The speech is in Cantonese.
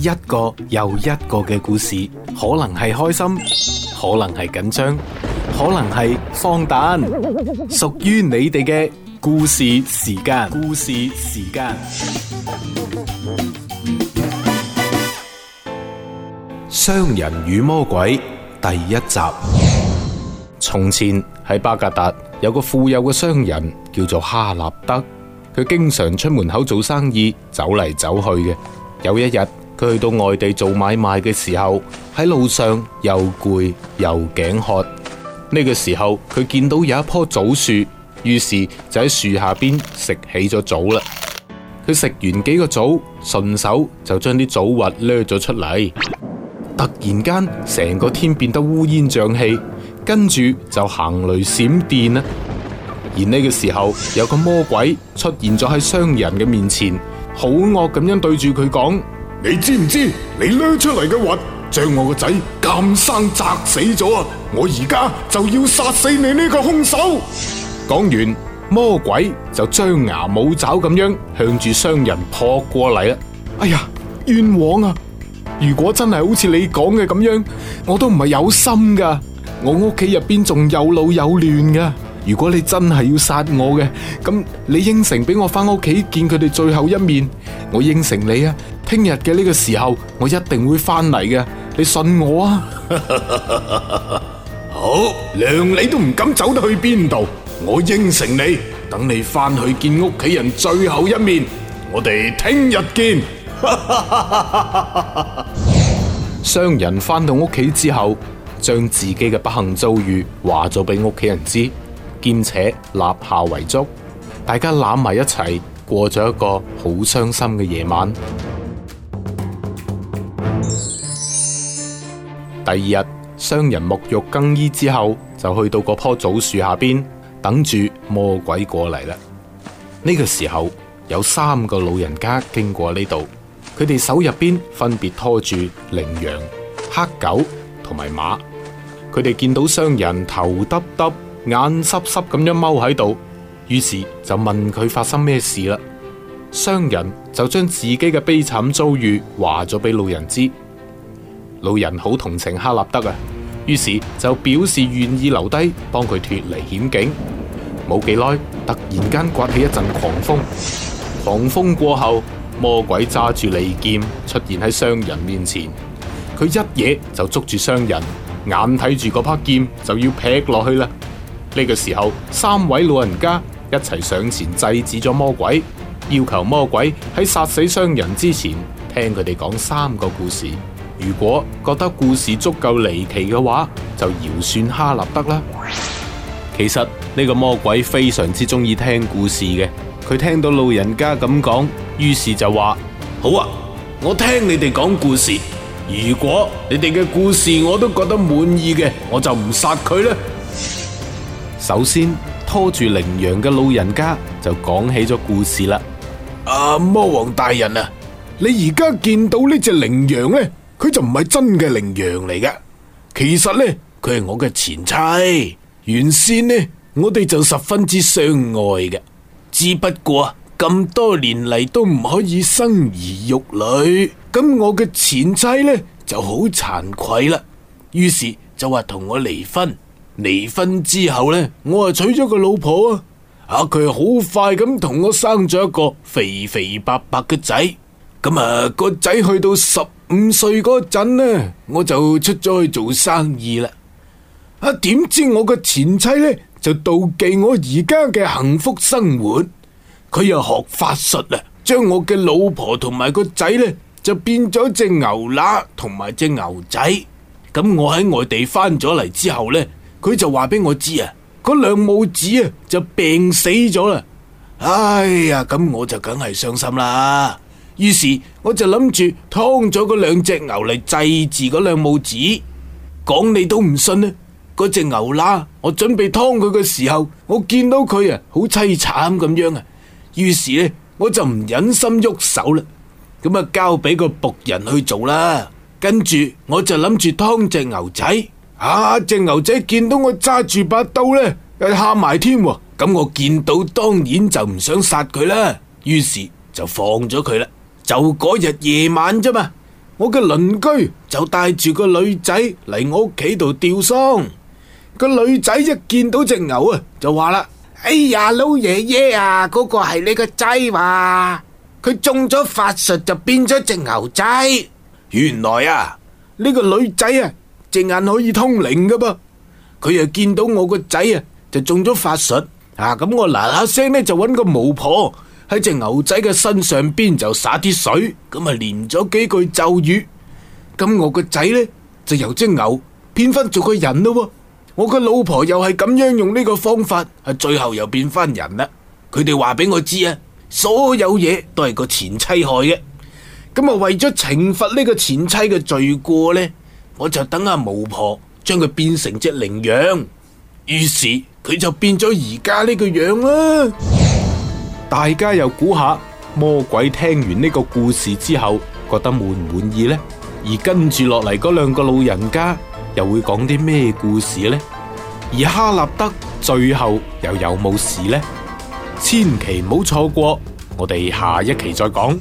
一個又一個嘅故事，可能係開心，可能係緊張，可能係荒誕，屬於你哋嘅故事時間。故事時間。商人與魔鬼第一集。從前喺巴格達有個富有嘅商人叫做哈立德，佢經常出門口做生意，走嚟走去嘅。有一日。佢去到外地做買賣嘅時候，喺路上又攰又頸渴。呢個時候佢見到有一棵棗樹，於是就喺樹下邊食起咗棗啦。佢食完幾個棗，順手就將啲棗核掠咗出嚟。突然間，成個天變得烏煙瘴氣，跟住就行雷閃電啦。而呢個時候，有個魔鬼出現咗喺商人嘅面前，好惡咁樣對住佢講。你知唔知你掠出嚟嘅核將我個仔咁生砸死咗啊！我而家就要殺死你呢個兇手。講完，魔鬼就張牙舞爪咁樣向住商人撲過嚟啦。哎呀，冤枉啊！如果真係好似你講嘅咁樣，我都唔係有心噶，我屋企入邊仲有老有嫩噶。如果你真係要殺我嘅，咁你應承畀我翻屋企見佢哋最後一面，我應承你啊！聽日嘅呢個時候，我一定會翻嚟嘅，你信我啊！ 好，娘，你都唔敢走得去邊度，我應承你，等你翻去見屋企人最後一面，我哋聽日見。 商人翻到屋企之後，將自己嘅不幸遭遇話咗俾屋企人知。兼且立下遺囑，大家攬埋一齊過咗一個好傷心嘅夜晚。第二日，商人沐浴更衣之後，就去到嗰棵棗樹下邊等住魔鬼過嚟啦。呢個時候有三個老人家經過呢度，佢哋手入邊分別拖住羚羊、黑狗同埋馬。佢哋見到商人頭耷耷。眼濕濕咁樣踎喺度，於是就問佢發生咩事啦。商人就將自己嘅悲慘遭遇話咗俾老人知，老人好同情哈立德啊，於是就表示願意留低幫佢脫離險境。冇幾耐，突然間刮起一陣狂風，狂風過後，魔鬼揸住利劍出現喺商人面前，佢一嘢就捉住商人，眼睇住嗰把劍就要劈落去啦。呢個時候，三位老人家一齊上前制止咗魔鬼，要求魔鬼喺殺死商人之前，聽佢哋講三個故事。如果覺得故事足夠離奇嘅話，就饒恕哈立德啦。其實呢個魔鬼非常之中意聽故事嘅，佢聽到老人家咁講，於是就話：好啊，我聽你哋講故事。如果你哋嘅故事我都覺得滿意嘅，我就唔殺佢啦。首先拖住羚羊嘅老人家就講起咗故事啦。阿、啊、魔王大人啊,你而家見到呢隻羚羊呢,佢就唔係真嘅羚羊嚟㗎。其實呢,佢係我嘅前妻。原先呢,我哋就十分之相愛嘅。只不過咁多年嚟都唔可以生兒育女,咁我嘅前妻呢就好慚愧啦。於是就話同我離婚。離婚之後呢，我啊娶咗個老婆啊，啊佢好快咁同我生咗一個肥肥白白嘅仔，咁、嗯、啊個仔去到十五歲嗰陣呢，我就出咗去做生意啦。啊，點知我嘅前妻呢，就妒忌我而家嘅幸福生活，佢又學法術啊，將我嘅老婆同埋個仔呢，就變咗隻牛乸同埋隻牛仔。咁、嗯、我喺外地翻咗嚟之後呢，佢就話俾我知啊，嗰兩母子啊就病死咗啦。哎呀，咁我就梗係傷心啦。於是我就諗住劏咗嗰兩隻牛嚟祭祀嗰兩母子。講你都唔信呢？嗰隻牛乸，我準備劏佢嘅時候，我見到佢啊好淒慘咁樣啊。於是呢，我就唔忍心喐手啦，咁啊交俾個僕人去做啦。跟住我就諗住劏隻牛仔。啊！隻、那個、牛仔見到我揸住把刀呢，又喊埋添。咁、嗯嗯、我見到當然就唔想殺佢啦，於是就放咗佢啦。就嗰日夜晚啫嘛，我嘅鄰居就帶住個女仔嚟我屋企度吊喪。個女仔一見到隻牛啊，就話啦：哎呀，老爺爺啊，嗰、那個係你個仔嘛？佢中咗法術就變咗隻牛仔。原來啊，呢、這個女仔啊，隻眼可以通靈噶噃，佢又見到我個仔啊，就中咗法術啊！咁我嗱嗱聲呢，就揾個巫婆喺隻牛仔嘅身上邊就灑啲水，咁啊連咗幾句咒語，咁我個仔呢，就由隻牛變翻做個人咯。我個老婆又係咁樣用呢個方法，啊最後又變翻人啦。佢哋話俾我知啊，所有嘢都係個前妻害嘅。咁啊為咗懲罰呢個前妻嘅罪過呢，我就等阿巫婆將佢變成隻羚羊，於是佢就變咗而家呢個樣啦。大家又估下，魔鬼聽完呢個故事之後覺得滿唔滿意呢？而跟住落嚟嗰兩個老人家又會講啲咩故事呢？而哈立德最後又有冇事呢？千祈唔好錯過，我哋下一期再講。